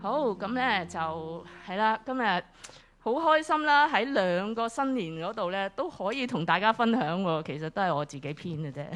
好，咁咧就係啦，今日好開心啦！喺兩個新年嗰度咧，都可以同大家分享喎。其實都係我自己編嘅啫，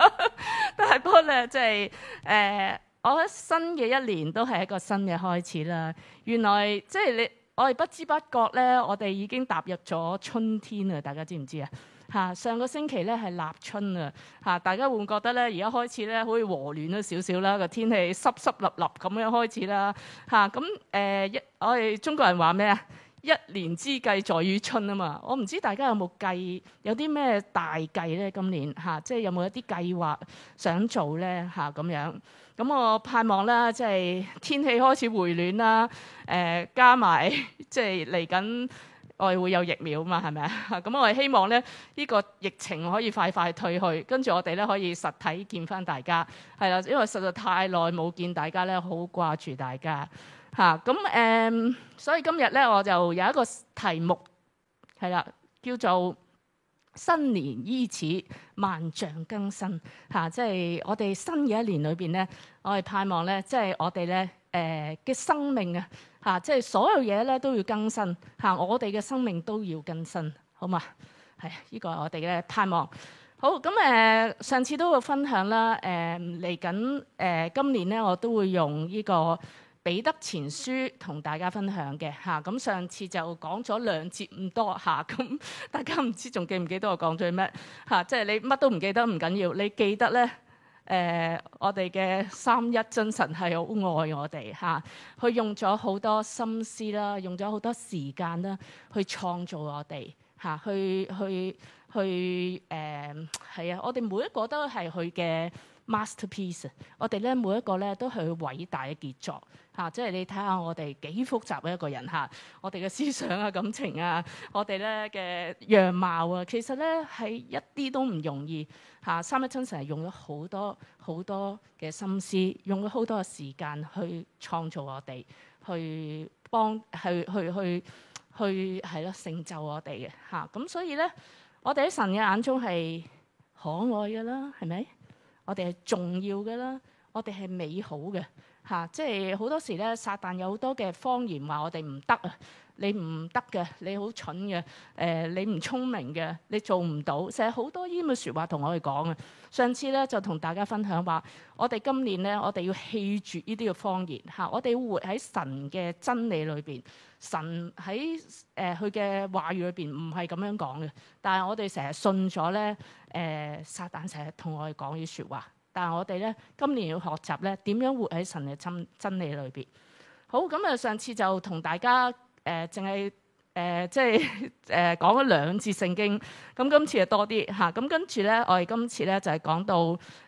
但係不過咧，即係誒，我嘅新嘅一年都係一個新嘅開始啦。原來即係、就是、你，我哋不知不覺咧，我哋已經踏入咗春天啦。大家知唔知啊？嚇！上個星期咧係立春啊！嚇，大家會唔覺得咧，而家開始咧，好似和暖咗少少啦，個天氣濕濕立立咁樣開始啦嚇！咁誒一我哋中國人話咩啊？一年之計在於春啊嘛！我唔知大家有冇計，有啲咩大計咧今年，嚇、啊，即係有冇一啲計劃想做咧嚇咁樣？咁我盼望啦，即係天氣開始回暖啦，誒、啊、加埋即係嚟緊。我哋會有疫苗啊嘛，係咪啊？咁、 嗯、我哋希望咧，呢、這個疫情可以快快退去，跟住我哋咧可以實體見翻大家，係啦，因為實在太耐冇見大家咧，好掛住大家嚇。咁、啊、誒、嗯，所以今日咧，我就有一個題目係啦，叫做新年伊始，萬象更新嚇、啊。即係我哋新嘅一年裏邊咧，我係盼望咧，即係我哋咧。誒嘅、呃、生命啊，嚇！即係所有嘢咧都要更新嚇、啊，我哋嘅生命都要更新，好嘛？呢、哎、依、這個係我哋嘅盼望。好咁誒、呃，上次都會分享啦。誒嚟緊誒今年咧，我都會用呢、這個彼得前書同大家分享嘅嚇。咁、啊、上次就講咗兩節唔多嚇，咁、啊、大家唔知仲記唔記得我講咗咩嚇？即係你乜都唔記得唔緊要，你記得咧。誒、呃，我哋嘅三一真神係好愛我哋嚇，佢、啊、用咗好多心思啦，用咗好多時間啦，去創造我哋嚇、啊，去去去誒，係、呃、啊，我哋每一個都係佢嘅 masterpiece，我哋咧每一個咧都係偉大嘅傑作。啊，即係你睇下我哋幾複雜嘅一個人吓、啊，我哋嘅思想啊、感情啊，我哋咧嘅樣貌啊，其實咧係一啲都唔容易吓、啊。三一真神係用咗好多好多嘅心思，用咗好多嘅時間去創造我哋，去幫去去去去係咯成就我哋嘅吓。咁、啊、所以咧，我哋喺神嘅眼中係可愛㗎啦，係咪？我哋係重要嘅啦，我哋係美好嘅。嚇、啊！即係好多時咧，撒旦有好多嘅謊言，話我哋唔得啊！你唔得嘅，你好蠢嘅，誒、呃、你唔聰明嘅，你做唔到，成日好多依樣説話同我哋講啊！上次咧就同大家分享話，我哋今年咧，我哋要棄絕呢啲嘅謊言嚇、啊，我哋活喺神嘅真理裏邊，神喺誒佢嘅話語裏邊唔係咁樣講嘅，但係我哋成日信咗咧，誒、呃、撒旦成日同我哋講依啲説話。但係我哋咧，今年要學習咧，點樣活喺神嘅真真理裏邊？好咁啊！上次就同大家誒，淨係誒，即係誒、呃、講咗兩節聖經。咁今次就多啲嚇。咁、啊、跟住咧，我哋今次咧就係、是、講到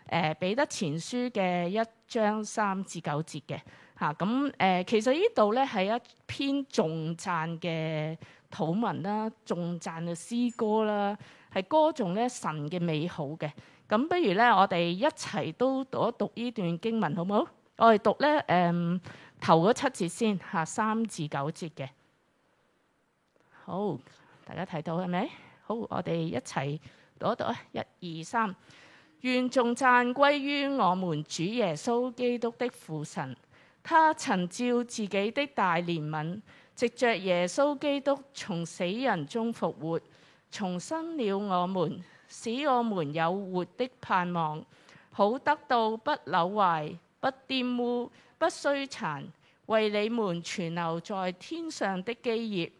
誒彼得前書嘅一章三至九節嘅嚇。咁、啊、誒、啊，其實呢度咧係一篇頌讚嘅土文啦，頌讚嘅詩歌啦，係歌頌咧神嘅美好嘅。咁不如咧，我哋一齊都讀一讀呢段經文好唔好？我哋讀咧，誒、嗯，頭嗰七節先，吓三至九節嘅。好，大家睇到係咪？好，我哋一齊讀一讀啊！一二三，願頌讚歸於我們主耶穌基督的父神，他曾照自己的大憐憫，藉着耶穌基督從死人中復活，重生了我們。使我們有活的盼望，好得到不朽壞、不玷污、不衰殘，為你們存留在天上的基業，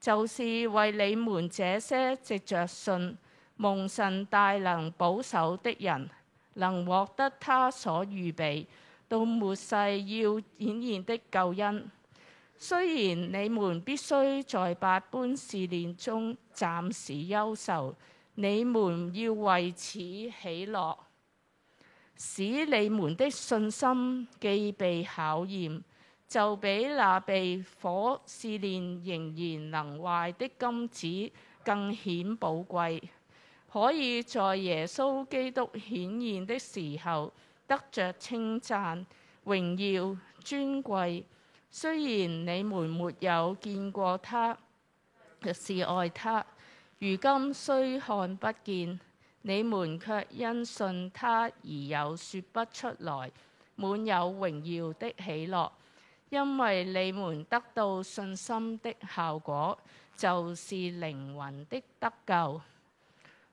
就是為你們這些藉着信蒙神大能保守的人，能獲得他所預備到末世要顯現的救恩。雖然你們必須在百般試練中暫時憂愁。你們要為此喜樂，使你們的信心既被考驗，就比那被火試煉仍然能壞的金子更顯寶貴，可以在耶穌基督顯現的時候得着稱讚、榮耀、尊貴。雖然你們沒有見過他，卻是愛他。如今雖看不見，你們卻因信他而有說不出來，滿有榮耀的喜樂，因為你們得到信心的效果，就是靈魂的得救。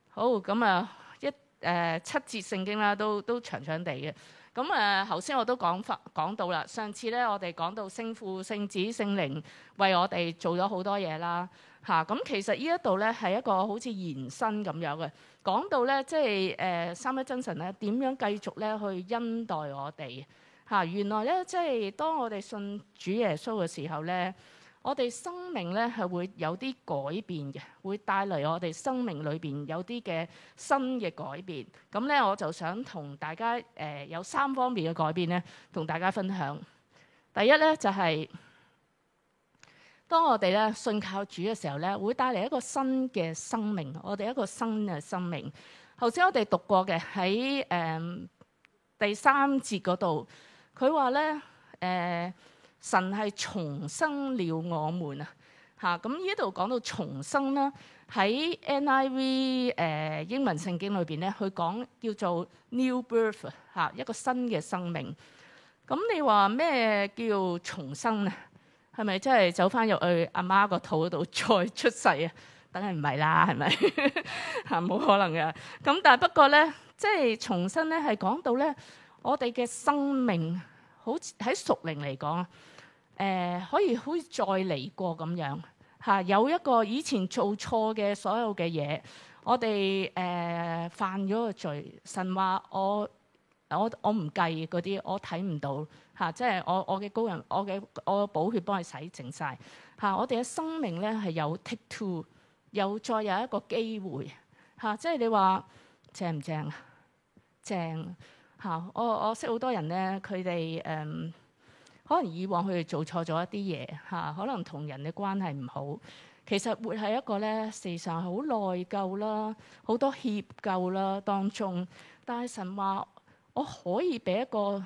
好，咁啊一誒、呃、七節聖經啦，都都長長地嘅。咁誒，頭先、嗯、我都講翻講到啦。上次咧，我哋講到聖父、聖子、聖靈為我哋做咗好多嘢啦，嚇、啊。咁其實呢一度咧係一個好似延伸咁樣嘅，講到咧即係誒、呃、三一真神咧點樣繼續咧去恩待我哋嚇、啊。原來咧即係當我哋信主耶穌嘅時候咧。我哋生命咧係會有啲改變嘅，會帶嚟我哋生命裏邊有啲嘅新嘅改變。咁咧我就想同大家誒、呃、有三方面嘅改變咧，同大家分享。第一咧就係、是、當我哋咧信靠主嘅時候咧，會帶嚟一個新嘅生命，我哋一個新嘅生命。頭先我哋讀過嘅喺誒第三節嗰度，佢話咧誒。呃神係重生了我們啊！嚇，咁呢度講到重生啦，喺 NIV 誒英文聖經裏邊咧，佢講叫做 New Birth，嚇一個新嘅生命。咁你話咩叫重生啊？係咪真係走翻入去阿媽個肚嗰度再出世啊？梗係唔係啦。係咪嚇冇可能嘅？咁但係不過咧，即係重生咧係講到咧，我哋嘅生命好似喺屬靈嚟講。誒、呃、可以好似再嚟過咁樣嚇、啊，有一個以前做錯嘅所有嘅嘢，我哋誒、呃、犯咗個罪，神話我我我唔計嗰啲，我睇唔到嚇、啊，即係我我嘅高人，我嘅我寶血幫佢洗淨晒。嚇，我哋嘅、啊、生命咧係有 take two，有再有一個機會嚇、啊，即係你話正唔正，正啊？正嚇，我我識好多人咧，佢哋誒。嗯可能以往佢哋做錯咗一啲嘢嚇，可能同人嘅關係唔好。其實活係一個咧，事實上好內疚啦，好多歉疚啦，當中。但神話我可以俾一個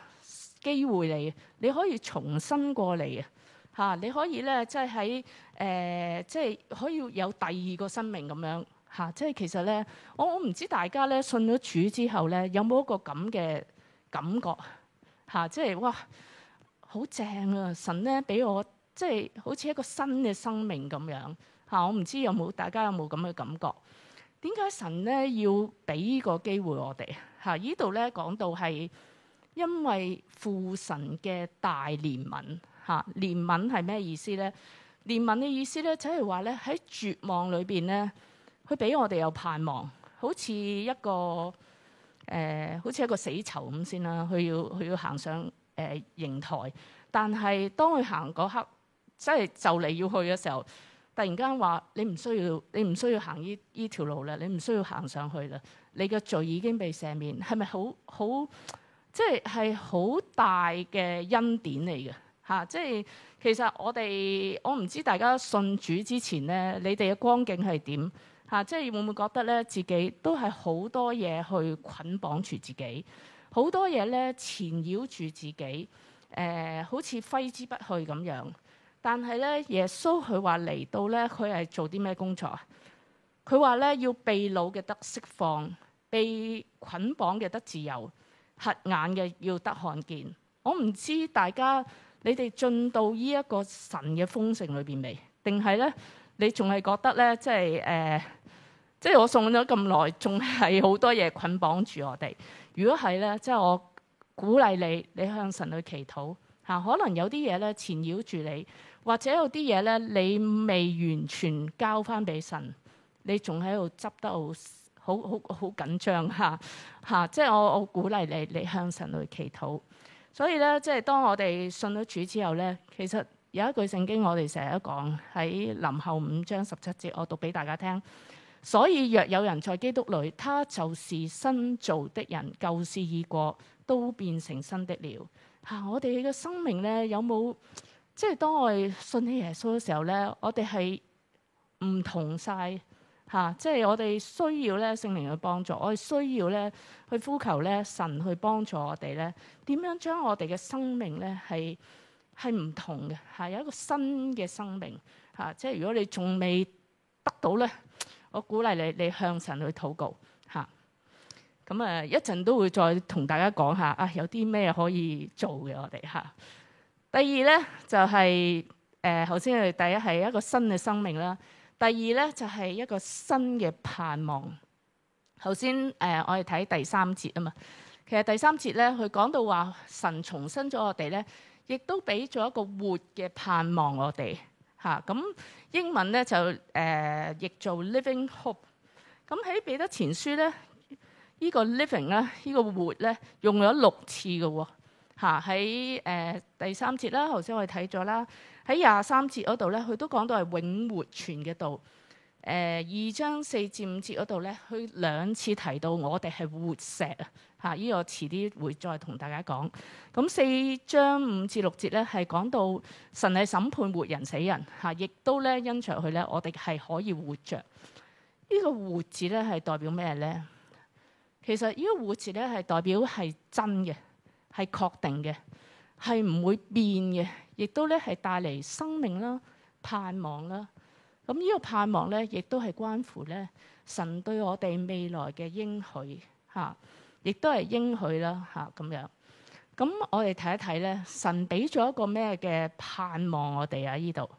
機會你，你可以重新過嚟嚇、啊，你可以咧即係喺誒，即係可以有第二個生命咁樣嚇、啊。即係其實咧，我我唔知大家咧信咗主之後咧有冇一個咁嘅感覺嚇、啊，即係哇！好正啊！神咧俾我即係好似一個新嘅生命咁樣嚇、啊，我唔知有冇大家有冇咁嘅感覺？點解神咧要俾呢個機會我哋嚇？啊、呢度咧講到係因為父神嘅大憐憫嚇，憐憫係咩意思咧？憐憫嘅意思咧，就係話咧喺絕望裏邊咧，佢俾我哋有盼望，好似一個誒、呃，好似一個死囚咁先啦，佢要佢要行上。誒刑、呃、台，但係當佢行嗰刻，即係就嚟要去嘅時候，突然間話你唔需要，你唔需要行依依條路啦，你唔需要行上去啦，你嘅罪已經被赦免，係咪好好？即係係好大嘅恩典嚟嘅嚇，即係其實我哋，我唔知大家信主之前咧，你哋嘅光景係點嚇？即係會唔會覺得咧自己都係好多嘢去捆綁住自己？好多嘢咧纏繞住自己，誒、呃、好似揮之不去咁樣。但係咧，耶穌佢話嚟到咧，佢係做啲咩工作啊？佢話咧要被擄嘅得釋放，被捆綁嘅得自由，瞎眼嘅要得看見。我唔知大家你哋進到呢一個神嘅豐盛裏邊未？定係咧你仲係覺得咧即係誒？即係、呃、我送咗咁耐，仲係好多嘢捆綁住我哋。如果係咧，即係我鼓勵你，你向神去祈禱嚇。可能有啲嘢咧纏繞住你，或者有啲嘢咧你未完全交翻俾神，你仲喺度執得好好好好緊張嚇嚇。即係 我我鼓勵你，你向神去祈禱。所以咧，即係當我哋信咗主之後咧，其實有一句聖經我哋成日都講，喺林後五章十七節，我讀俾大家聽。所以，若有人在基督裏，他就是新造的人，舊事已過，都變成新的了。吓、啊，我哋嘅生命咧，有冇即係當我哋信起耶穌嘅時候咧，我哋係唔同晒吓、啊，即係我哋需要咧聖靈去幫助，我哋需要咧去呼求咧神去幫助我哋咧。點樣將我哋嘅生命咧係係唔同嘅吓、啊，有一個新嘅生命吓、啊，即係如果你仲未得到咧。我鼓勵你，你向神去禱告吓。咁啊，一陣都會再同大家講下啊，有啲咩可以做嘅，我哋吓。第二咧就係、是、誒、頭、呃、先係第一係一個新嘅生命啦，第二咧就係、是、一個新嘅盼望。頭先誒、呃，我哋睇第三節啊嘛。其實第三節咧，佢講到話神重生咗我哋咧，亦都俾咗一個活嘅盼望我哋。嚇咁、啊嗯、英文咧就誒譯、呃、做 living hope、嗯。咁喺彼得前書咧，呢、這個 living 咧、啊，呢、這個活咧，用咗六次嘅喎、哦。喺、啊、誒、呃、第三節啦，頭先我哋睇咗啦，喺廿三節嗰度咧，佢都講到係永活存嘅道。誒、呃、二章四至五節嗰度咧，佢兩次提到我哋係活石啊。啊！呢個遲啲會再同大家講。咁四章五至六節咧，係講到神係審判活人死人，嚇、啊，亦都咧因賜佢咧，我哋係可以活着。這個、活呢個活字咧係代表咩咧？其實、這個、呢個活字咧係代表係真嘅，係確定嘅，係唔會變嘅，亦都咧係帶嚟生命啦、盼望啦。咁呢個盼望咧，亦都係關乎咧神對我哋未來嘅應許嚇。啊亦都係應許啦，嚇咁樣。咁我哋睇一睇咧，神俾咗一個咩嘅盼望我哋啊？呃這個呃、呢度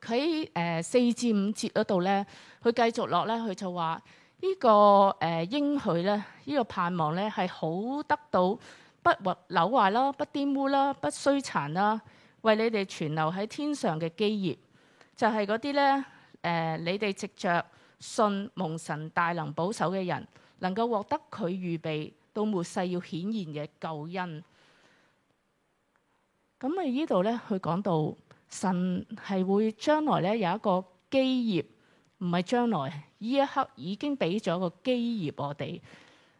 喺誒四至五節嗰度咧，佢繼續落咧，佢就話：呢個誒應許咧，呢個盼望咧，係好得到不朽壞啦，不玷污啦，不衰殘啦，為你哋存留喺天上嘅基業，就係嗰啲咧誒，你哋藉着信蒙神大能保守嘅人。能夠獲得佢預備到末世要顯現嘅救恩，咁喺呢度咧，佢講到神係會將來咧有一個基業，唔係將來呢一刻已經俾咗個基業我哋。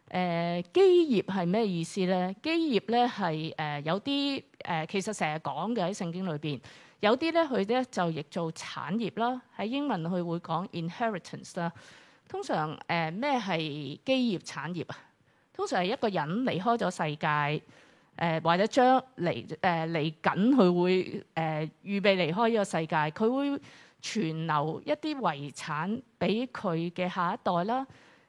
誒基業係咩意思咧？基業咧係誒有啲誒、呃，其實成日講嘅喺聖經裏邊，有啲咧佢咧就譯做產業啦，喺英文佢會講 inheritance 啦。In 通常誒咩係基業產業啊？通常係一個人離開咗世界，誒、呃、或者將嚟誒嚟緊佢、呃、會誒、呃、預備離開呢個世界，佢會存留一啲遺產俾佢嘅下一代啦。誒、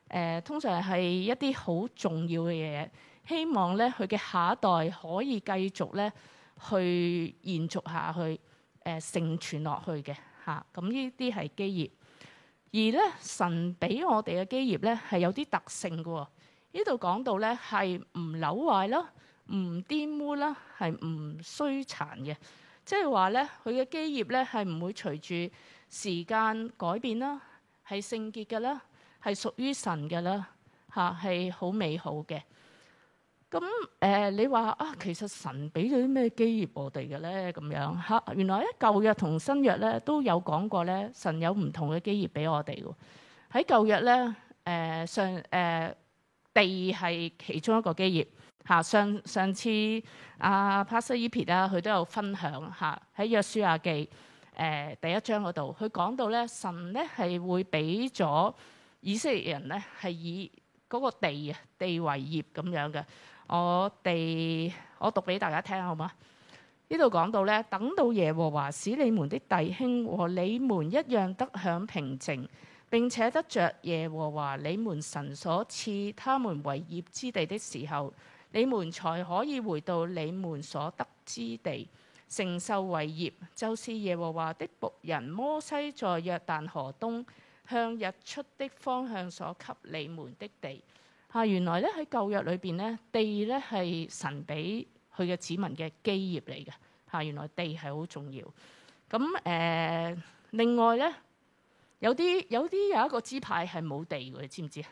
呃、通常係一啲好重要嘅嘢，希望咧佢嘅下一代可以繼續咧去延續下去，誒承傳落去嘅吓，咁呢啲係基業。而咧神俾我哋嘅基業咧係有啲特性嘅、哦，呢度講到咧係唔朽壞啦，唔玷污啦，係唔衰殘嘅，即係話咧佢嘅基業咧係唔會隨住時間改變啦，係聖潔嘅啦，係屬於神嘅啦，吓係好美好嘅。咁誒、呃，你話啊，其實神俾咗啲咩基業我哋嘅咧？咁樣嚇，原來喺舊約同新約咧都有講過咧，神有唔同嘅基業俾我哋喎。喺舊約咧，誒、呃、上誒、呃、地係其中一個基業嚇、啊。上上次阿、啊、帕斯依皮啊，佢都有分享嚇，喺、啊、約書亞記誒第一章嗰度，佢講到咧，神咧係會俾咗以色列人咧係以嗰個地地為業咁樣嘅。我哋我讀俾大家聽好嘛？呢度講到呢，等到耶和華使你們的弟兄和你們一樣得享平靜，並且得着耶和華你們神所賜他們為業之地的時候，你們才可以回到你們所得之地，承受為業，就是耶和華的僕人摩西在約旦河東向日出的方向所給你們的地。嚇！原來咧喺舊約裏邊咧，地咧係神俾佢嘅子民嘅基業嚟嘅。嚇！原來地係好重要。咁誒、呃，另外咧有啲有啲有一個支派係冇地嘅，你知唔知啊？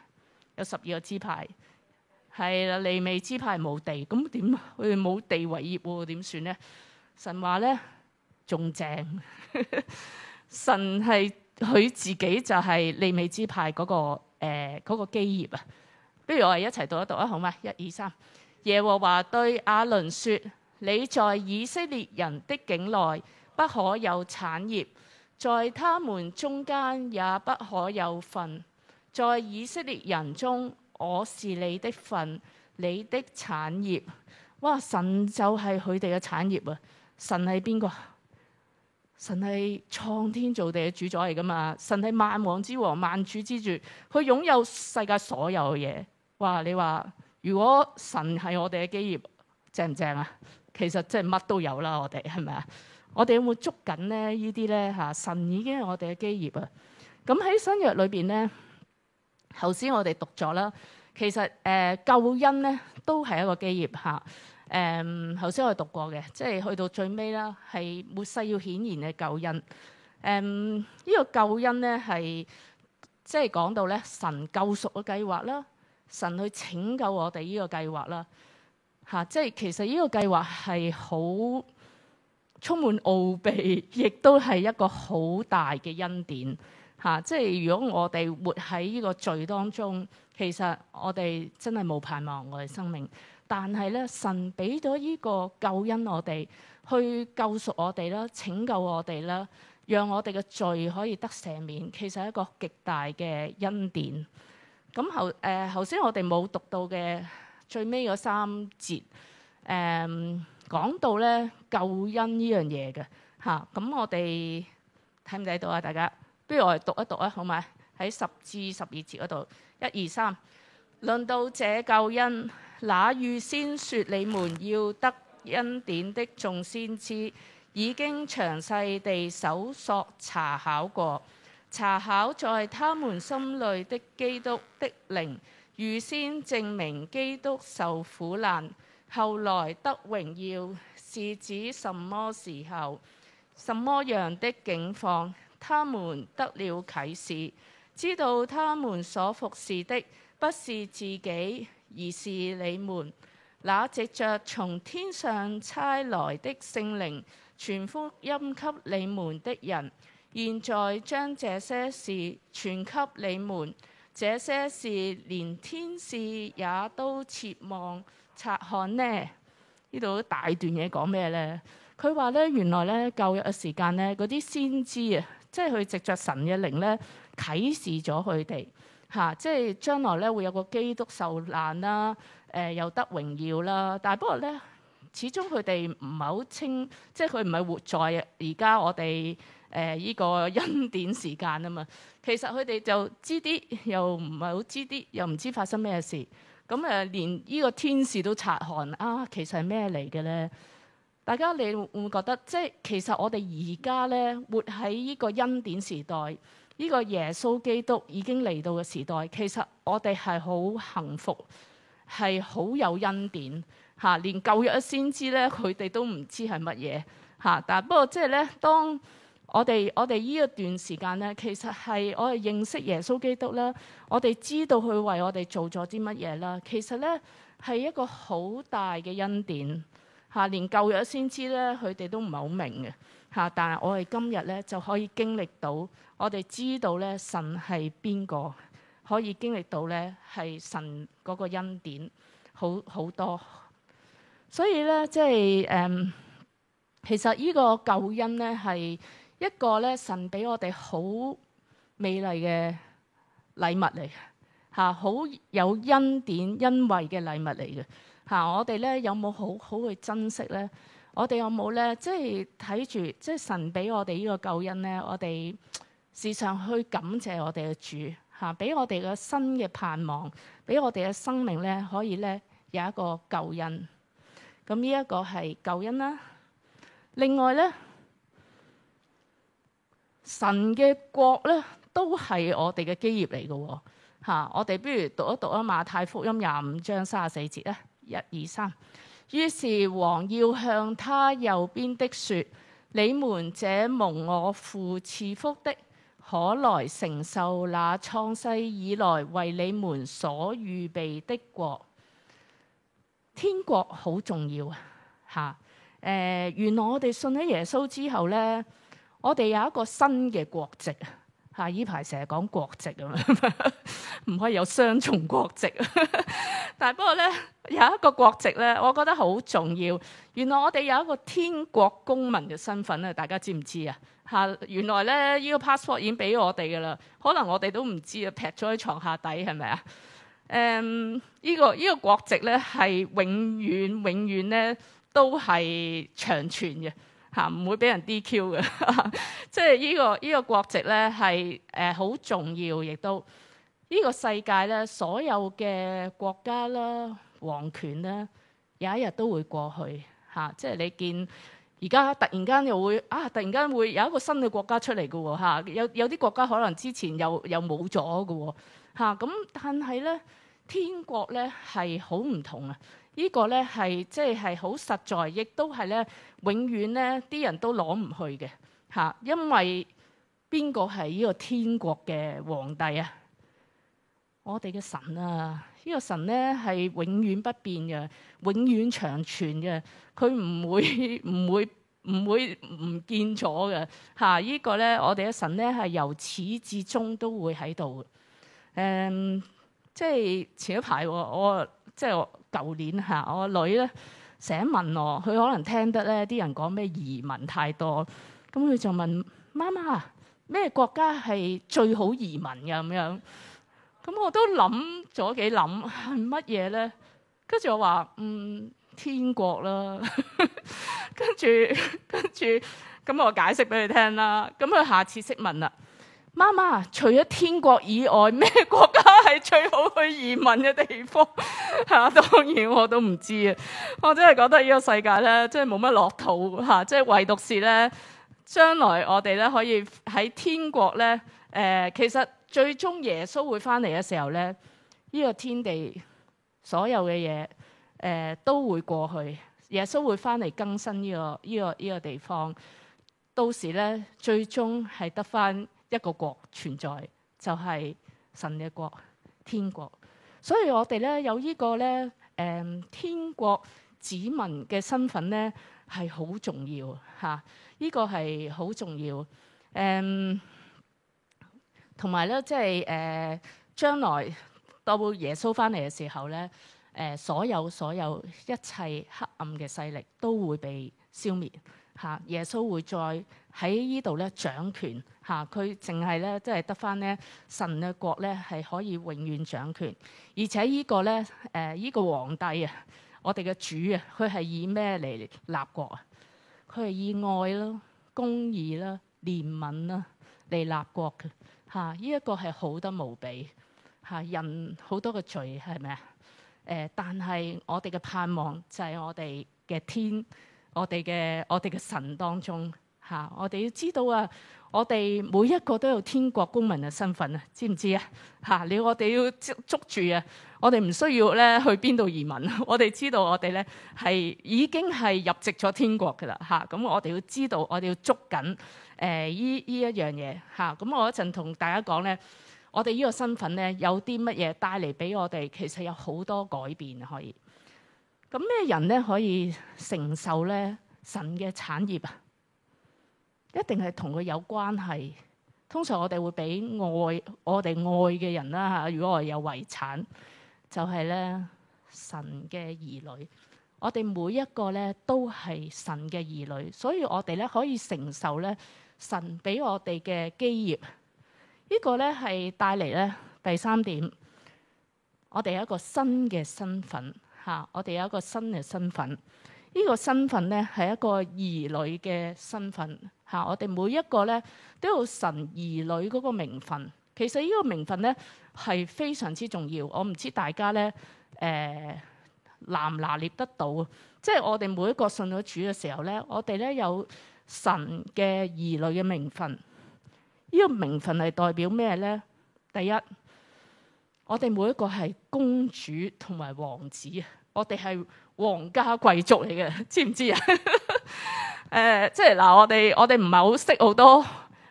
有十二個支派係啦，利未支派冇地，咁點佢冇地為業喎？點算咧？神話咧仲正， 神係佢自己就係利未支派嗰個誒、呃嗰個基業啊。不如我哋一齊讀一讀啊，好嘛？一、二、三。耶和華對亞倫說：你在以色列人的境內不可有產業，在他們中間也不可有份。在以色列人中，我是你的份，你的產業。哇！神就係佢哋嘅產業啊！神係邊個？神係創天造地嘅主宰嚟噶嘛？神係萬王之王、萬主之主，佢擁有世界所有嘢。哇！你話如果神係我哋嘅基業，正唔正啊？其實即係乜都有啦。我哋係咪啊？我哋有冇捉緊咧？呢啲咧嚇神已經係我哋嘅基業啊！咁喺新約裏邊咧，頭先我哋讀咗啦。其實誒救、呃、恩咧都係一個基業嚇誒。頭、啊、先、嗯、我哋讀過嘅，即係去到最尾啦，係末世要顯現嘅救恩誒。嗯這個、救恩呢個救恩咧係即係講到咧神救贖嘅計劃啦。神去拯救我哋呢個計劃啦，吓，即係其實呢個計劃係好充滿奧秘，亦都係一個好大嘅恩典，吓。即係如果我哋活喺呢個罪當中，其實我哋真係冇盼望我哋生命。但係咧，神俾咗呢個救恩我哋，去救贖我哋啦，拯救我哋啦，讓我哋嘅罪可以得赦免，其實係一個極大嘅恩典。咁後誒頭先我哋冇讀到嘅最尾嗰三節誒講到咧救恩呢樣嘢嘅嚇，咁、啊嗯、我哋睇唔睇到啊？大家不如我哋讀一讀啊，好嗎？喺十至十二節嗰度，一二三，論 到這救恩，那預先說你們要得恩典的，眾先知已經詳細地搜索查考過。查考在他們心裏的基督的靈，預先證明基督受苦難，後來得榮耀，是指什麼時候、什麼樣的境況？他們得了啟示，知道他們所服侍的不是自己，而是你們。那藉著從天上差來的聖靈傳福音給你們的人。現在將這些事傳給你們，這些事連天使也都切望察看呢。呢度大段嘢講咩呢？佢話呢，原來呢舊約嘅時間呢，嗰啲先知啊，即係佢藉着神嘅靈呢，啟示咗佢哋嚇，即係將來呢，會有個基督受難啦，誒、呃、又得榮耀啦。但係不過呢，始終佢哋唔係好清，即係佢唔係活在而家我哋。誒依、呃這個恩典時間啊嘛，其實佢哋就知啲，又唔係好知啲，又唔知發生咩事。咁、嗯、誒，連呢個天使都察看啊，其實係咩嚟嘅咧？大家你會唔會覺得，即係其實我哋而家咧，活喺呢個恩典時代，呢、這個耶穌基督已經嚟到嘅時代，其實我哋係好幸福，係好有恩典嚇、啊。連舊約先知咧，佢哋都唔知係乜嘢嚇。但不過即係咧，當我哋我哋呢一段時間咧，其實係我哋認識耶穌基督啦，我哋知道佢為我哋做咗啲乜嘢啦。其實咧係一個好大嘅恩典吓、啊，連舊約先知咧，佢哋都唔係好明嘅吓、啊，但係我哋今日咧就可以經歷到，我哋知道咧神係邊個，可以經歷到咧係神嗰個恩典好好多。所以咧即係誒、嗯，其實呢個救恩咧係，一個咧，神俾我哋好美麗嘅禮物嚟嘅，嚇、啊、好有恩典恩惠嘅禮物嚟嘅，嚇、啊、我哋咧有冇好好去珍惜咧？我哋有冇咧？即係睇住，即係神俾我哋呢個救恩咧，我哋時常去感謝我哋嘅主嚇，俾、啊、我哋嘅新嘅盼望，俾我哋嘅生命咧可以咧有一個救恩。咁呢一個係救恩啦。另外咧。神嘅國咧，都係我哋嘅基業嚟嘅、哦，吓、啊！我哋不如讀一讀啊，《馬太福音》廿五章三十四節咧，一、二、三。於是王要向他右邊的說：你們這蒙我父賜福的，可來承受那創世以來為你們所預備的國。天國好重要啊，吓、啊！誒、呃，原來我哋信咗耶穌之後咧。我哋有一個新嘅國籍，嚇！依排成日講國籍咁樣，唔 可以有雙重國籍。 但係不過咧，有一個國籍咧，我覺得好重要。原來我哋有一個天國公民嘅身份咧，大家知唔知啊？嚇、啊！原來咧，呢、呢個 passport 已經俾我哋噶啦，可能我哋都唔知啊，劈咗喺床下底係咪啊？誒，依、嗯呢個依、呢個國籍咧係永遠永遠咧都係長存嘅。嚇，唔、啊、會俾人 DQ 嘅、啊，即係呢、呢個依、呢個國籍咧係誒好重要，亦都呢、呢個世界咧所有嘅國家啦皇權咧有一日都會過去嚇、啊，即係你見而家突然間又會啊，突然間會有一個新嘅國家出嚟嘅喎嚇，有有啲國家可能之前又又冇咗嘅喎嚇，咁但係咧天國咧係好唔同啊！呢個咧係即係係好實在，亦都係咧永遠咧啲人都攞唔去嘅嚇，因為邊個係呢個天國嘅皇帝啊？我哋嘅神啊，呢、這個神咧係永遠不變嘅，永遠長存嘅，佢唔會唔 會唔會唔見咗嘅嚇。依、這個咧我哋嘅神咧係由始至終都會喺度嘅。即、嗯、係、就是、前一排我即係。就是舊年吓我個女咧成日問我，佢可能聽得咧啲人講咩移民太多，咁佢就問媽媽，咩國家係最好移民嘅，咁樣，咁我都諗咗幾諗係乜嘢咧，跟住我話，嗯，天國啦，跟住跟住咁我解釋俾你聽啦，咁佢下次識問啦。媽媽，除咗天國以外，咩國家係最好去移民嘅地方？嚇， 當然我都唔知啊！我真係覺得呢個世界咧，真係冇乜樂土嚇，即係唯獨是咧，將來我哋咧可以喺天國咧，誒、呃，其實最終耶穌會翻嚟嘅時候咧，呢個天地所有嘅嘢誒都會過去。耶穌會翻嚟更新呢個呢個呢個地方。到時咧，最終係得翻。一個國存在就係神嘅國、天國，所以我哋咧有呢個咧，誒，天國子民嘅身份咧係好重要吓，呢個係好重要，誒，同埋咧即係誒，將來到耶穌翻嚟嘅時候咧，誒，所有所有一切黑暗嘅勢力都會被消滅。嚇！耶穌會再喺呢度咧掌權嚇，佢淨係咧即係得翻咧神嘅國咧係可以永遠掌權，而且呢、這個咧誒呢個皇帝啊，我哋嘅主啊，佢係以咩嚟立國啊？佢係以愛咯、公義啦、憐憫啦嚟立國嘅嚇。呢、啊、一、這個係好得無比嚇、啊，人好多個罪係咪啊？誒、呃，但係我哋嘅盼望就係我哋嘅天。我哋嘅我哋嘅神當中，吓，我哋要知道啊，我哋每一個都有天國公民嘅身份啊，知唔知啊？吓，你我哋要捉住啊，我哋唔需要咧去邊度移民，我哋知道我哋咧係已經係入籍咗天國噶啦，吓，咁我哋要知道，我哋要捉緊誒呢呢一樣嘢，吓，咁我一陣同大家講咧，我哋呢個身份咧有啲乜嘢帶嚟俾我哋，其實有好多改變可以。咁咩人咧可以承受咧神嘅產業啊？一定係同佢有關係。通常我哋會俾愛我哋愛嘅人啦嚇。如果我哋有遺產，就係、是、咧神嘅兒女。我哋每一個咧都係神嘅兒女，所以我哋咧可以承受咧神俾我哋嘅基業。呢、這個咧係帶嚟咧第三點，我哋有一個新嘅身份。嚇、啊！我哋有一個新嘅身份，呢、這個身份咧係一個兒女嘅身份。嚇、啊！我哋每一個咧都有神兒女嗰個名分。其實呢個名分咧係非常之重要。我唔知大家咧誒、呃、拿唔拿捏得到啊！即係我哋每一個信咗主嘅時候咧，我哋咧有神嘅兒女嘅名分。呢、這個名分係代表咩咧？第一。我哋每一個係公主同埋王子啊！我哋係皇家貴族嚟嘅，知唔知啊？誒、 呃，即係嗱，我哋我哋唔係好識好多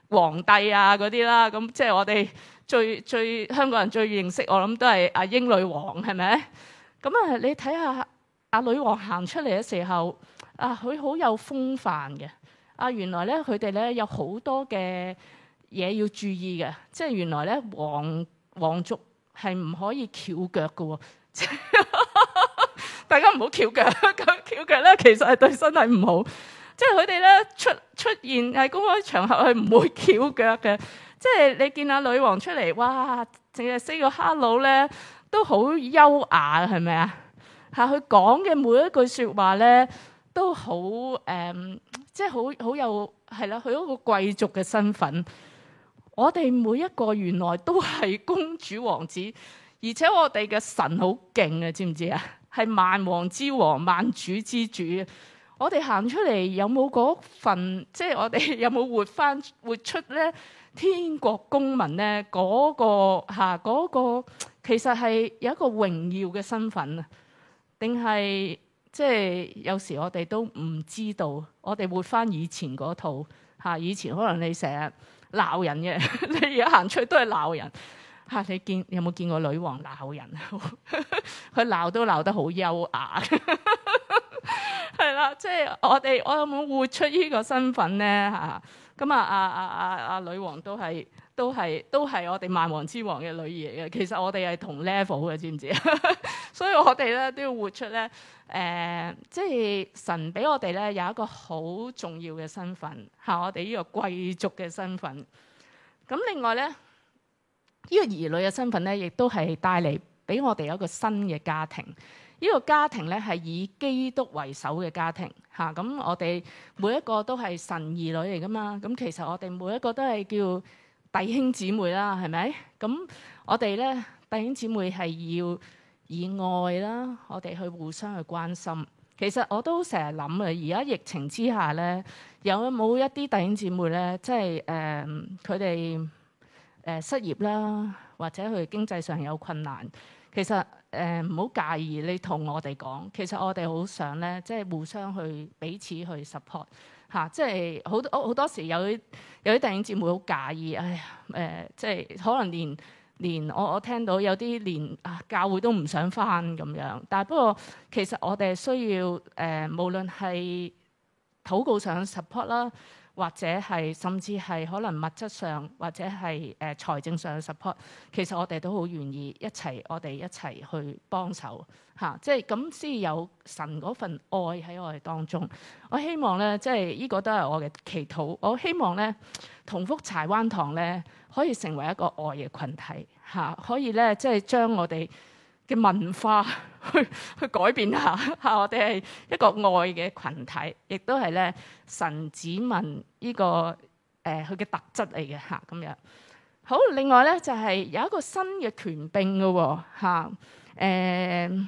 皇帝啊嗰啲啦。咁即係我哋最最香港人最認識，我諗都係阿英女王係咪？咁啊，你睇下阿女王行出嚟嘅時候，啊佢好有風範嘅。啊，原來咧佢哋咧有好多嘅嘢要注意嘅。即係原來咧皇皇族。係唔可以翹腳嘅喎，大家唔好翹腳咁 翹腳咧，其實係對身體唔好。即係佢哋咧出出現喺公開場合係唔會翹腳嘅。即係你見阿女王出嚟，哇，淨係 say 個 hello 咧都好優雅，係咪啊？係佢講嘅每一句説話咧都好誒，即係好好有係啦，佢一個貴族嘅身份。我哋每一個原來都係公主王子，而且我哋嘅神好勁啊，知唔知啊？係萬王之王、萬主之主。我哋行出嚟有冇嗰份？即係我哋有冇活翻、活出咧天國公民咧嗰、嗰個吓嗰、啊嗰個？其實係有一個榮耀嘅身份啊，定係即係有時我哋都唔知道，我哋活翻以前嗰套吓、啊，以前可能你成日。鬧人嘅，你而家行出去都係鬧人嚇、啊。你見你有冇見過女王鬧人？佢 鬧都鬧得好優雅嘅，係 啦。即係我哋我有冇活出呢個身份咧嚇？咁啊，阿阿阿阿女王都係。都係都係我哋萬王之王嘅女兒嚟嘅，其實我哋係同 level 嘅，知唔知啊？ 所以我哋咧都要活出咧，誒、呃，即係神俾我哋咧有一個好重要嘅身份，吓，我哋呢個貴族嘅身份。咁另外咧，呢、呢個兒女嘅身份咧，亦都係帶嚟俾我哋有一個新嘅家庭。呢、呢個家庭咧係以基督為首嘅家庭，吓。咁我哋每一個都係神兒女嚟㗎嘛？咁其實我哋每一個都係叫。弟兄姊妹啦，係咪？咁我哋咧，弟兄姊妹係要以愛啦，我哋去互相去關心。其實我都成日諗啊，而家疫情之下咧，有冇一啲弟兄姊妹咧，即係誒佢哋誒失業啦，或者佢經濟上有困難，其實誒唔好介意，你同我哋講。其實我哋好想咧，即係互相去彼此去 support。嚇、啊！即係好多好多時有啲有啲電影節目好假意，唉、哎、誒、呃，即係可能連連我我聽到有啲連、啊、教會都唔想返咁樣。但係不過其實我哋需要誒、呃，無論係禱告上 support 啦。或者係甚至係可能物質上或者係誒、呃、財政上的 support，其實我哋都好願意一齊我哋一齊去幫手嚇，即係咁先有神嗰份愛喺我哋當中。我希望咧，即係呢個都係我嘅祈禱。我希望咧，同福柴灣堂咧可以成為一個愛嘅群體嚇、啊，可以咧即係將我哋。嘅文化去 去改變下嚇，我哋係一個愛嘅群體，亦都係咧神子民呢個誒佢嘅特質嚟嘅吓咁樣。好，另外咧就係、是、有一個新嘅權柄嘅喎嚇誒。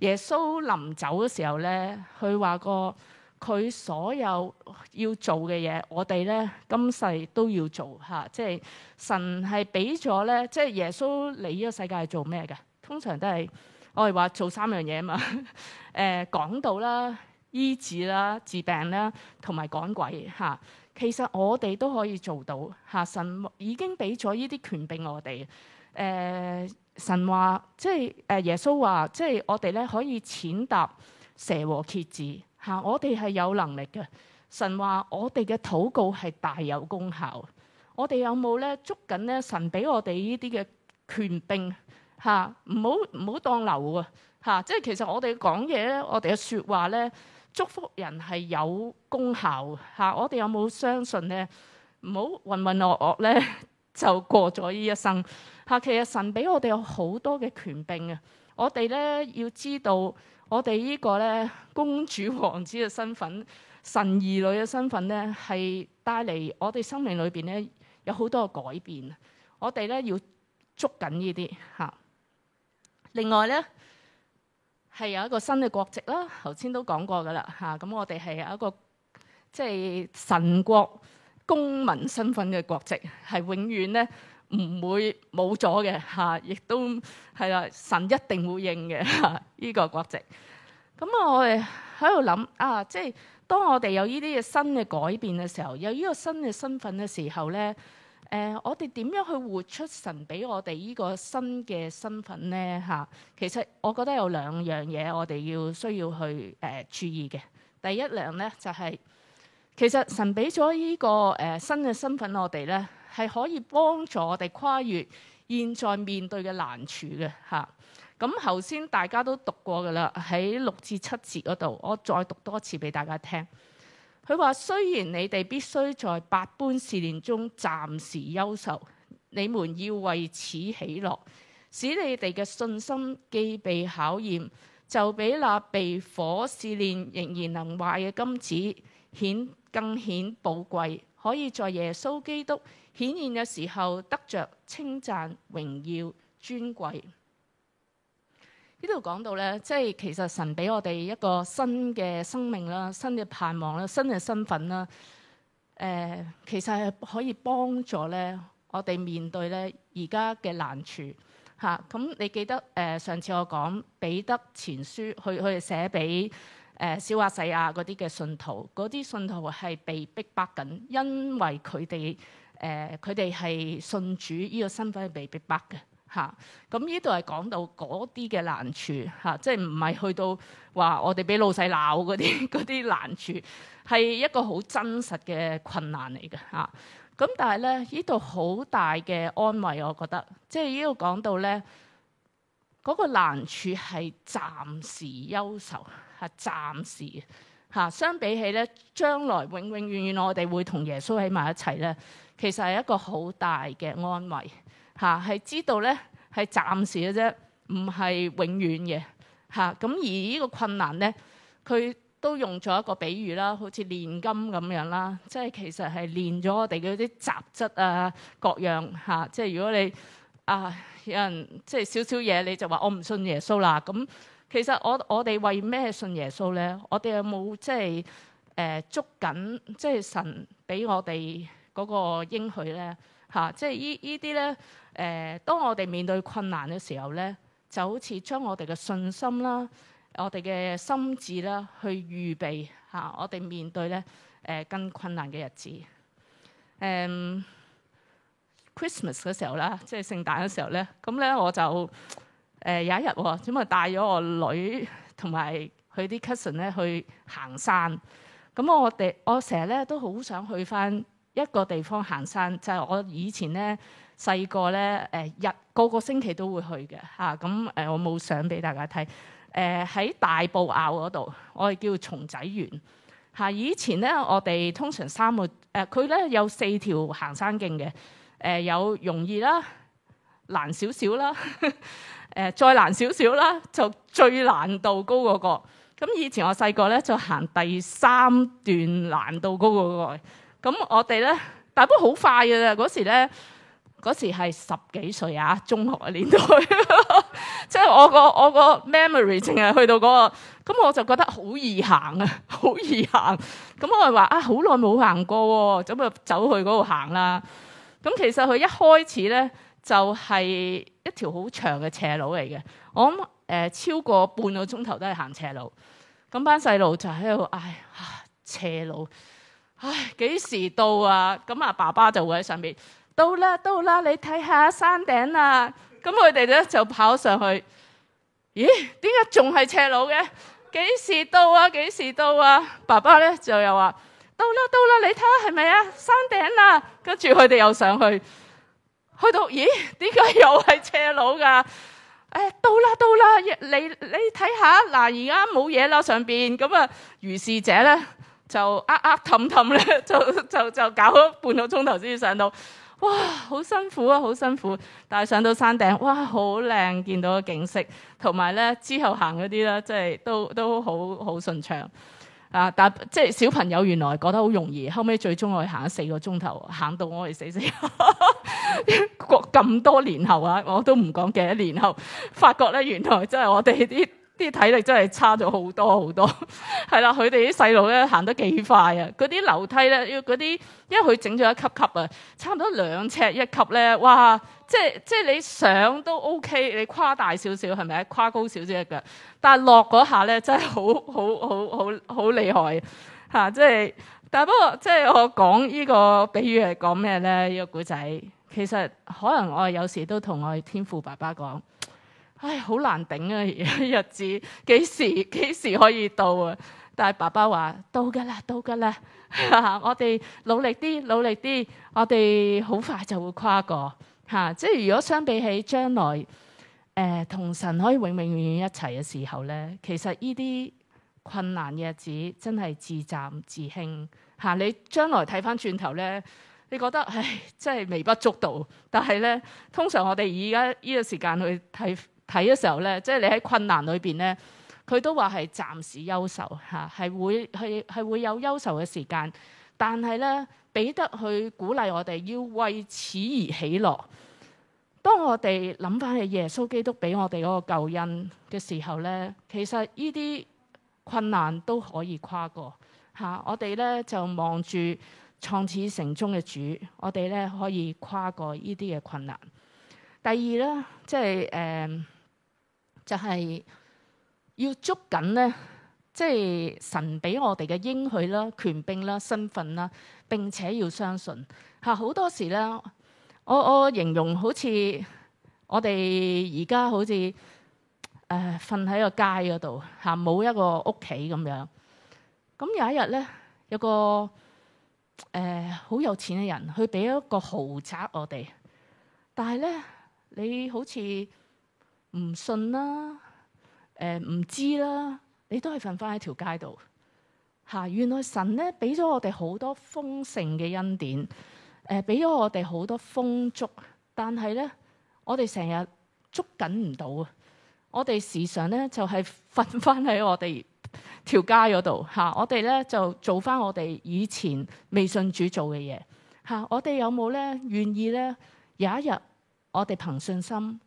耶穌臨走嘅時候咧，佢話過佢所有要做嘅嘢，我哋咧今世都要做吓、啊，即係神係俾咗咧，即係耶穌嚟呢個世界係做咩嘅？通常都係我哋話做三樣嘢啊嘛，誒、呃、講道啦、醫治啦、治病啦，同埋趕鬼吓。其實我哋都可以做到吓，神已經俾咗呢啲權柄我哋，誒、呃、神話即係誒、呃、耶穌話即係我哋咧可以踐踏蛇和蠍子吓，我哋係有能力嘅。神話我哋嘅禱告係大有功效，我哋有冇咧捉緊咧神俾我哋呢啲嘅權柄？嚇，唔好唔好當流啊！嚇，即係其實我哋講嘢咧，我哋嘅説話咧，祝福人係有功效嚇、啊。我哋有冇相信咧？唔好混混噩噩咧就過咗呢一生嚇、啊。其實神俾我哋有好多嘅權柄啊！我哋咧要知道我，我哋呢個咧公主王子嘅身份，神兒女嘅身份咧，係帶嚟我哋生命裏邊咧有好多嘅改變。我哋咧要捉緊呢啲嚇。啊。另外咧，係有一個新嘅國籍啦。頭先都講過噶啦，嚇、啊、咁我哋係有一個即係神國公民身份嘅國籍，係永遠咧唔會冇咗嘅，嚇、啊！亦都係啦、啊，神一定會認嘅，嚇、啊！依、這個國籍。咁啊，我哋喺度諗啊，即係當我哋有呢啲嘅新嘅改變嘅時候，有呢個新嘅身份嘅時候咧。誒、呃，我哋點樣去活出神俾我哋呢個新嘅身份呢？嚇、啊，其實我覺得有兩樣嘢我哋要需要去誒、呃、注意嘅。第一樣呢，就係、是，其實神俾咗呢個誒、呃、新嘅身份我哋呢係可以幫助我哋跨越現在面對嘅難處嘅嚇。咁頭先大家都讀過噶啦，喺六至七節嗰度，我再讀多次俾大家聽。佢話：雖然你哋必須在百般試煉中暫時憂愁，你們要為此喜樂，使你哋嘅信心既被考驗，就比那被火試煉仍然能壞嘅金子顯更顯寶貴，可以在耶穌基督顯現嘅時候得着稱讚、榮耀、尊貴。呢度講到咧，即係其實神俾我哋一個新嘅生命啦，新嘅盼望啦，新嘅身份啦。誒、呃，其實係可以幫助咧，我哋面對咧而家嘅難處嚇。咁、啊、你記得誒、呃、上次我講彼得前書，佢佢係寫俾誒小亞細亞嗰啲嘅信徒，嗰啲信徒係被逼迫緊，因為佢哋誒佢哋係信主呢、這個身份係被逼迫嘅。嚇，咁呢度係講到嗰啲嘅難處嚇，即係唔係去到話我哋俾老細鬧嗰啲啲難處，係、啊、一個好真實嘅困難嚟嘅嚇。咁、啊、但係咧，呢度好大嘅安慰，我覺得，即、就、係、是、呢度講到咧嗰個難處係暫時憂愁，係、啊、暫時嚇、啊。相比起咧，將來永永遠遠我哋會同耶穌喺埋一齊咧，其實係一個好大嘅安慰。嚇係、啊、知道咧係暫時嘅啫，唔係永遠嘅嚇。咁、啊、而呢個困難咧，佢都用咗一個比喻啦，好似煉金咁樣啦、啊，即係其實係煉咗我哋嗰啲雜質啊各樣嚇、啊。即係如果你啊有人即係少少嘢，你就話我唔信耶穌啦。咁、啊、其實我我哋為咩信耶穌咧？我哋有冇即係誒、呃、捉緊即係神俾我哋嗰個應許咧？嚇、啊！即係依依啲咧，誒、呃，當我哋面對困難嘅時候咧，就好似將我哋嘅信心啦、我哋嘅心智啦，去預備嚇、啊、我哋面對咧誒、呃、更困難嘅日子。誒、嗯、Christmas 嘅時候啦，即係聖誕嘅時候咧，咁咧我就誒、呃、有一日咁啊，帶咗我女同埋佢啲 cousin 咧去行山。咁我哋我成日咧都好想去翻一個地方行山就係、是、我以前咧，細個咧，誒日個個星期都會去嘅嚇。咁誒，我冇相俾大家睇，誒喺大埔坳嗰度，我哋叫松仔園嚇、啊、以前咧，我哋通常三個誒佢咧，有四條行山徑嘅誒、啊、有容易啦，難少少啦，誒再難少少啦，就最難度高嗰、那個。咁以前我細個咧，就行第三段難度高嗰、那個。咁我哋咧，但係不過好快嘅啦。嗰時咧，嗰時係十幾歲啊，中學嘅年代， 即係我個我個 memory 淨係去到嗰個，咁我就覺得好易行啊，好易行。咁我話啊，好耐冇行過喎、啊，咁就走去嗰度行啦。咁其實佢一開始咧就係一條好長嘅斜路嚟嘅，我諗誒、呃、超過半個鐘頭都係行斜路。咁班細路就喺度唉、啊，斜路。唉，幾時到啊？咁啊，爸爸就會喺上面。到啦，到啦，你睇下山頂啦、啊。咁佢哋咧就跑上去。咦？點解仲係斜路嘅？幾時到啊？幾時到啊？爸爸咧就又話：到啦，到啦，你睇下係咪啊？山頂啦、啊。跟住佢哋又上去，去到咦？點解又係斜路噶？誒、哎，到啦，到啦，你你睇下嗱，而家冇嘢啦上邊。咁啊，如是者咧。就呃呃氹氹咧，就就就搞咗半個鐘頭先至上到，哇！好辛苦啊，好辛苦。但係上到山頂，哇！好靚，見到嘅景色，同埋咧之後行嗰啲咧，即係都都好好順暢啊！但即係小朋友原來覺得好容易，後尾最終我行咗四個鐘頭，行到我哋死死。 過咁多年後啊，我都唔講幾多年後，發覺咧原來即係我哋啲。啲體力真係差咗好多好多， 係啦，佢哋啲細路咧行得幾快啊！嗰啲樓梯咧要嗰啲，因為佢整咗一級級啊，差唔多兩尺一級咧，哇！即係即係你上都 OK，你跨大少少係咪？跨高少少一腳，但係落嗰下咧真係好好好好好厲害嚇、啊！即係，但係不過即係我講呢個比喻係講咩咧？呢、呢個古仔其實可能我有時都同我天父爸爸講。唉，好難頂啊！而家日子幾時幾時可以到啊？但係爸爸話到噶啦，到噶啦，吓、啊、我哋努力啲，努力啲，我哋好快就會跨過吓、啊。即係如果相比起將來，誒、呃、同神可以永永遠遠一齊嘅時候咧，其實呢啲困難嘅日子真係至暫至輕吓、啊。你將來睇返轉頭咧，你覺得唉，真係微不足道。但係咧，通常我哋而家呢個時間去睇。睇嘅時候咧，即係你喺困難裏邊咧，佢都話係暫時憂愁嚇，係會係係會有憂愁嘅時間。但係咧，彼得去鼓勵我哋要為此而喜樂。當我哋諗翻起耶穌基督俾我哋嗰個救恩嘅時候咧，其實呢啲困難都可以跨過嚇、啊。我哋咧就望住創始成終嘅主，我哋咧可以跨過呢啲嘅困難。第二咧，即係誒。呃就係要捉緊咧，即係神俾我哋嘅應許啦、權柄啦、身份啦，並且要相信嚇。好多時咧，我我形容好似我哋而家好似誒瞓喺個街嗰度嚇，冇一個屋企咁樣。咁有一日咧，有個誒好有錢嘅人，佢俾一個豪宅我哋，但係咧，你好似唔信啦，誒、呃、唔知啦，你都係瞓翻喺條街度吓、啊。原來神咧俾咗我哋好多豐盛嘅恩典，誒俾咗我哋好多豐足，但係咧我哋成日捉緊唔到、就是、啊！我哋時常咧就係瞓翻喺我哋條街嗰度吓，我哋咧就做翻我哋以前未信主做嘅嘢吓。我哋有冇咧願意咧有一日我哋憑信心？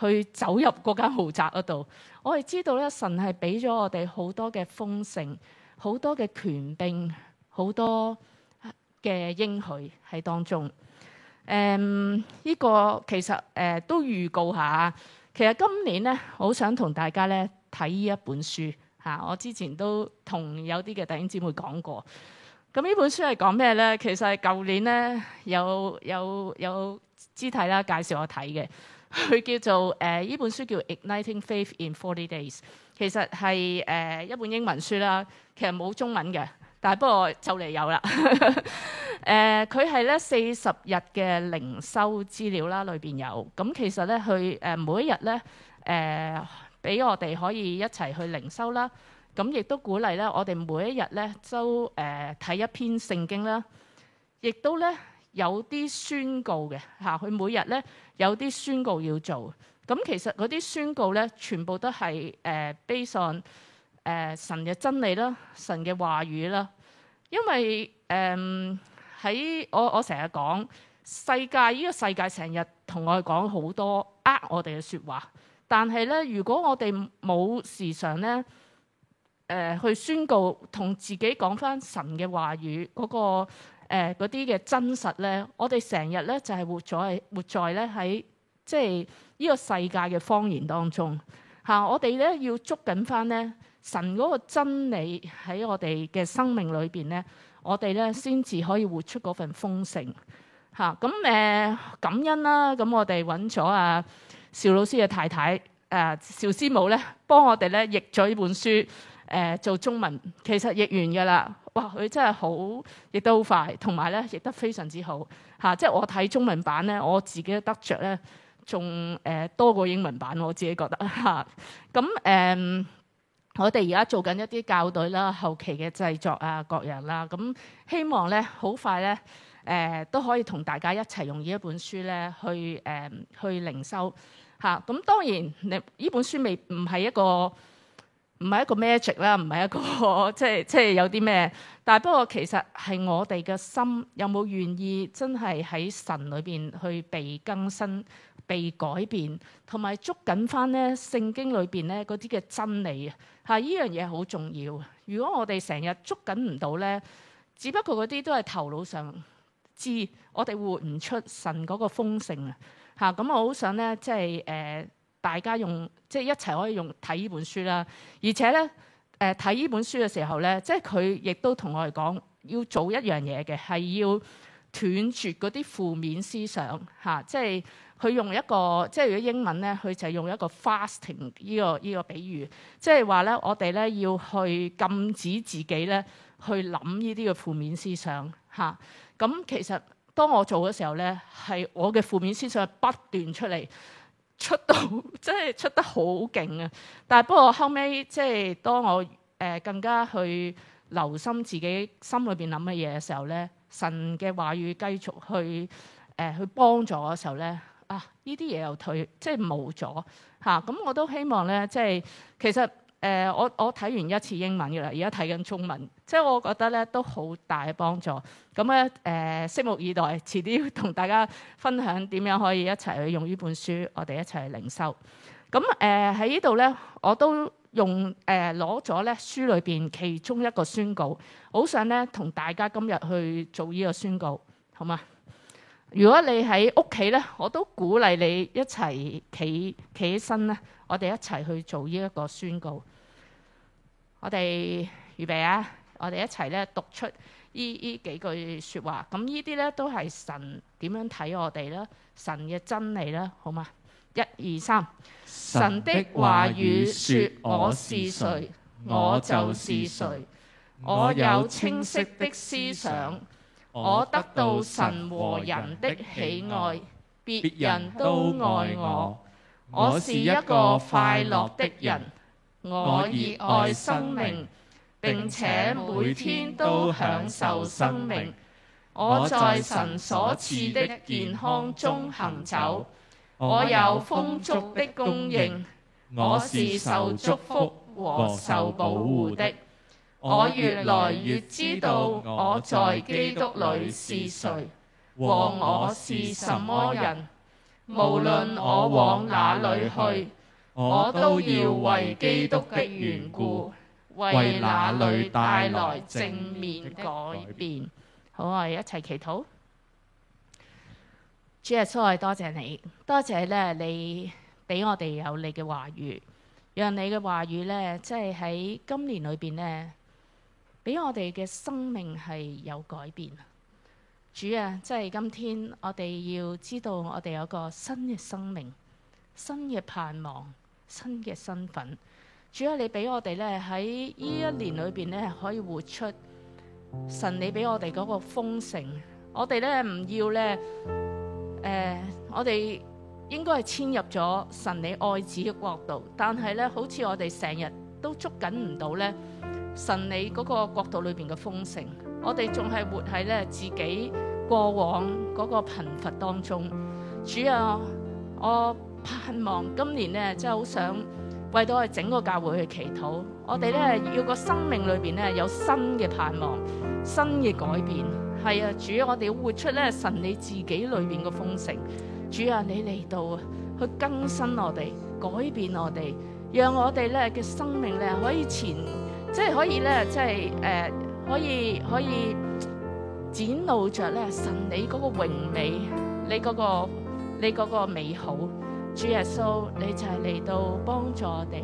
去走入嗰間豪宅嗰度，我係知道咧，神係俾咗我哋好多嘅豐盛，好多嘅權柄，好多嘅應許喺當中。誒、嗯、依、這個其實誒、呃、都預告下，其實今年咧，好想同大家咧睇呢一本書嚇、啊。我之前都同有啲嘅弟兄姊妹講過，咁呢本書係講咩咧？其實係舊年咧有有有，有肢體啦，介紹我睇嘅。佢叫做誒，呢本書叫 Igniting Faith in 40 Days，其實係誒一本英文書啦，其實冇中文嘅，但係不過就嚟有啦。誒，佢係咧四十日嘅靈修資料啦，裏邊有。咁其實咧佢誒每一日咧誒俾我哋可以一齊去靈修啦，咁亦都鼓勵咧我哋每一日咧都誒睇一篇聖經啦，亦都咧有啲宣告嘅嚇，佢每日咧。有啲宣告要做，咁其實嗰啲宣告咧，全部都係誒 based on 誒神嘅真理啦，神嘅話語啦。因為誒喺、呃、我我成日講世界呢、這個世界成日同我哋講好多呃我哋嘅說話，但係咧如果我哋冇時常咧誒、呃、去宣告同自己講翻神嘅話語嗰、那個。誒嗰啲嘅真實咧，我哋成日咧就係、是、活在活在咧喺即係呢個世界嘅謊言當中嚇、啊，我哋咧要捉緊翻咧神嗰個真理喺我哋嘅生命裏邊咧，我哋咧先至可以活出嗰份豐盛嚇。咁、啊、誒、呃、感恩啦，咁、嗯、我哋揾咗阿邵老師嘅太太誒邵師母咧，幫我哋咧譯咗呢譯本書誒、呃、做中文，其實譯完噶啦。哇！佢真係好，亦都好快，同埋咧，亦都非常之好嚇、啊。即係我睇中文版咧，我自己都得着咧，仲誒多過英文版，我自己，得、呃、自己覺得嚇。咁、啊、誒、嗯，我哋而家做緊一啲校對啦、後期嘅製作啊、各樣啦、啊。咁、嗯、希望咧，好快咧，誒、呃、都可以同大家一齊用呢一本書咧，去誒、呃、去靈修嚇。咁、啊嗯、當然，你呢本書未唔係一個。唔係一個 magic 啦，唔係一個 即係即係有啲咩，但係不過其實係我哋嘅心有冇願意真係喺神裏邊去被更新、被改變，同埋捉緊翻咧聖經裏邊咧嗰啲嘅真理嚇，依、啊、樣嘢好重要。如果我哋成日捉緊唔到咧，只不過嗰啲都係頭腦上知，我哋活唔出神嗰個豐盛啊嚇。咁我好想咧，即係誒。呃大家用即係一齊可以用睇呢本書啦，而且咧誒睇呢、呃、本書嘅時候咧，即係佢亦都同我哋講要做一樣嘢嘅，係要斷絕嗰啲負面思想嚇。即係佢用一個即係如果英文咧，佢就係用一個 fasting 呢、呢個依、呢個比喻，即係話咧我哋咧要去禁止自己咧去諗呢啲嘅負面思想嚇。咁其實當我做嘅時候咧，係我嘅負面思想係不斷出嚟。出到即係出得好勁啊！但係不過後尾，即係當我誒、呃、更加去留心自己心裏邊諗乜嘢嘅時候咧，神嘅話語繼續去誒、呃、去幫助嘅時候咧，啊呢啲嘢又退即係冇咗嚇。咁、啊、我都希望咧，即係其實。誒、呃，我我睇完一次英文嘅啦，而家睇緊中文，即係我覺得咧都好大幫助。咁咧誒，拭目以待，遲啲要同大家分享點樣可以一齊去用呢本書，我哋一齊去領受。咁誒喺呢度咧，我都用誒攞咗咧書裏邊其中一個宣告，好想咧同大家今日去做呢個宣告，好嘛？如果你喺屋企咧，我都鼓勵你一齊企企起身咧，我哋一齊去做呢一個宣告。我哋預備啊！我哋一齊咧讀出呢呢幾句說話。咁呢啲咧都係神點樣睇我哋咧，神嘅真理咧好嗎？一二三，神的話語說：我是誰，我就是誰；我有清晰的思想，我得到神和人的喜愛，別人都愛我，我是一個快樂的人。我熱愛生命，並且每天都享受生命。我在神所賜的健康中行走。我有豐足的供應。我是受祝福和受保護的。我越來越知道我在基督裏是誰和我是什麼人。無論我往哪裏去，我都要為基督的緣故，為那類帶來正面改變。好，我哋一齊祈禱。主耶穌啊，多謝你，多謝咧，你俾我哋有你嘅話語，讓你嘅話語呢，即係喺今年裏邊呢，俾我哋嘅生命係有改變。主啊，即係今天我哋要知道，我哋有個新嘅生命，新嘅盼望。新嘅身份，主啊，你俾我哋咧喺呢一年裏邊咧，可以活出神你俾我哋嗰個豐盛。我哋咧唔要咧，誒，我哋應該係遷入咗神你愛子嘅國度，但係咧，好似我哋成日都捉緊唔到咧，神你嗰個國度裏邊嘅豐盛，我哋仲係活喺咧自己過往嗰個貧乏當中。主啊，我。盼望今年咧，真係好想為到我整個教會去祈禱。我哋咧要個生命裏邊咧有新嘅盼望、新嘅改變。係啊，主，要我哋要活出咧神你自己裏邊嘅豐盛，主啊，你嚟到啊，去更新我哋、改變我哋，讓我哋咧嘅生命咧可以前，即係可以咧，即係誒可以可以展露着咧神你嗰個榮美、你嗰個你嗰個美好。主耶穌，你就係嚟到幫助我哋，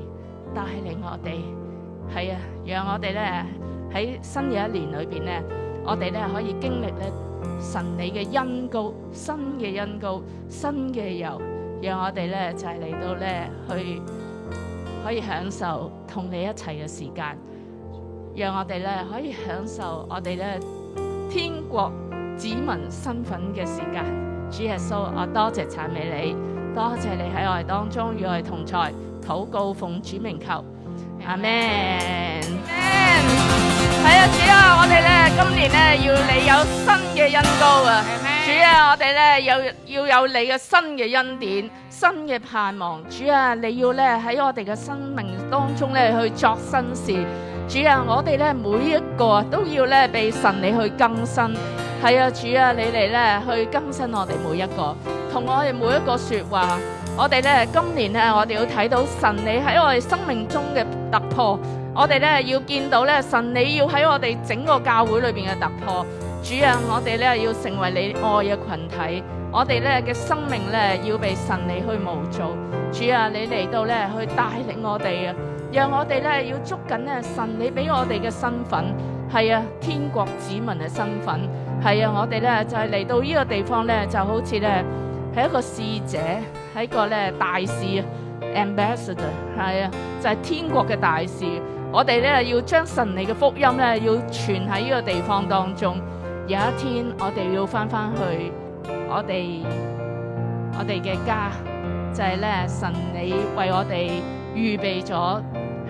帶領我哋，係啊，讓我哋咧喺新嘅一年裏邊咧，我哋咧可以經歷咧神你嘅恩膏，新嘅恩膏，新嘅油，讓我哋咧就係、是、嚟到咧去可以享受同你一齊嘅時間，讓我哋咧可以享受我哋咧天國子民身份嘅時間。主耶穌，我多謝讚美你。多謝你喺我哋當中與我哋同在，禱告奉主名求，阿門。係啊，主啊，我哋咧今年咧要你有新嘅恩膏啊！主啊，我哋咧有要有你嘅新嘅恩典、新嘅盼望。主啊，你要咧喺我哋嘅生命當中咧去作新事。主啊，我哋咧每一個都要咧被神你去更新。係啊，主啊，你嚟咧去更新我哋每一個。同我哋每一個說話，我哋咧今年咧，我哋要睇到神你喺我哋生命中嘅突破。我哋咧要見到咧，神你要喺我哋整個教會裏邊嘅突破。主啊，我哋咧要成為你愛嘅群體。我哋咧嘅生命咧要被神你去模造。主啊，你嚟到咧去帶領我哋啊，讓我哋咧要捉緊咧神你俾我哋嘅身份，係啊，天國子民嘅身份，係啊，我哋咧就係嚟到呢個地方咧，就好似咧。係一個使者，係一個咧大使，Ambassador，係啊，就係天國嘅大使。我哋咧要將神你嘅福音咧要傳喺呢個地方當中。有一天我哋要翻翻去我哋我哋嘅家，就係咧神你為我哋預備咗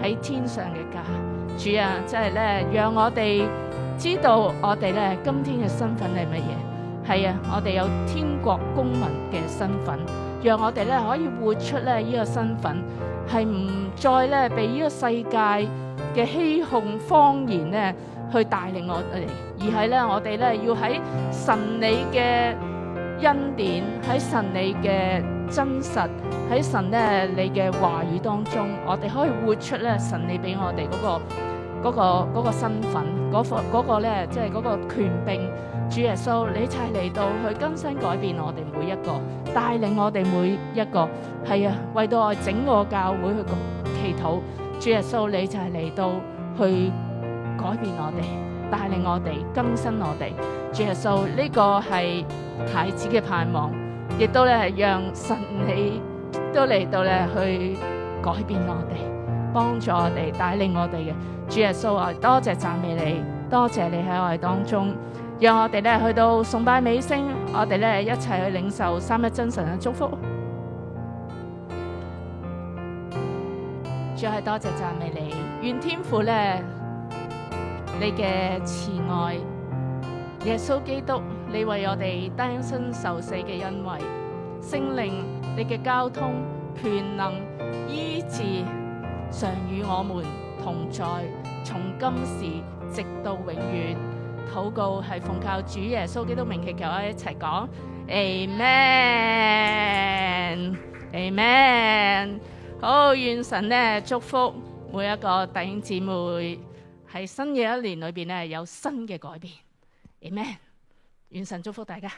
喺天上嘅家。主啊，即係咧，讓我哋知道我哋咧今天嘅身份係乜嘢。係啊，我哋有天國公民嘅身份，讓我哋咧可以活出咧呢個身份，係唔再咧被呢個世界嘅欺哄謊言咧去帶領我哋，而係咧我哋咧要喺神你嘅恩典，喺神你嘅真實，喺神咧你嘅話語當中，我哋可以活出咧神你俾我哋嗰、那個。嗰個嗰個身份，嗰個嗰個咧，即係嗰個權柄。主耶穌，你就係嚟到去更新改變我哋每一個，帶領我哋每一個，係啊，為到我整個教會去祈禱。主耶穌，你就係嚟到去改變我哋，帶領我哋更新我哋。主耶穌，呢個係太子嘅盼望，亦都咧係讓神你都嚟到咧去改變我哋。幫助我哋帶領我哋嘅主耶穌啊，多謝讚美你，多謝你喺我哋當中，讓我哋咧去到崇拜美星，我哋咧一齊去領受三一真神嘅祝福。主要係多謝讚美你，願天父咧你嘅慈愛，耶穌基督，你為我哋捨身受死嘅恩惠，聖靈你嘅交通、權能、醫治。常與我們同在，從今時直到永遠。禱告係奉靠主耶穌基督名祈求，喺一齊講 Amen，Amen。好，願神呢祝福每一個弟兄姊妹喺新嘅一年裏邊呢有新嘅改變。Amen。願神祝福大家。